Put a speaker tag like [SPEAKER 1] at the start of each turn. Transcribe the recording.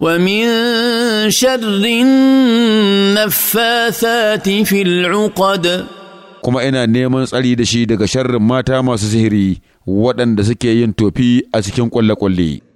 [SPEAKER 1] ومن شر النفاثات في العقد kuma ina neman tsari da shi daga sharrin mata masu sihiri
[SPEAKER 2] waɗanda suke yin tofi a cikin ƙwalle-ƙwalle.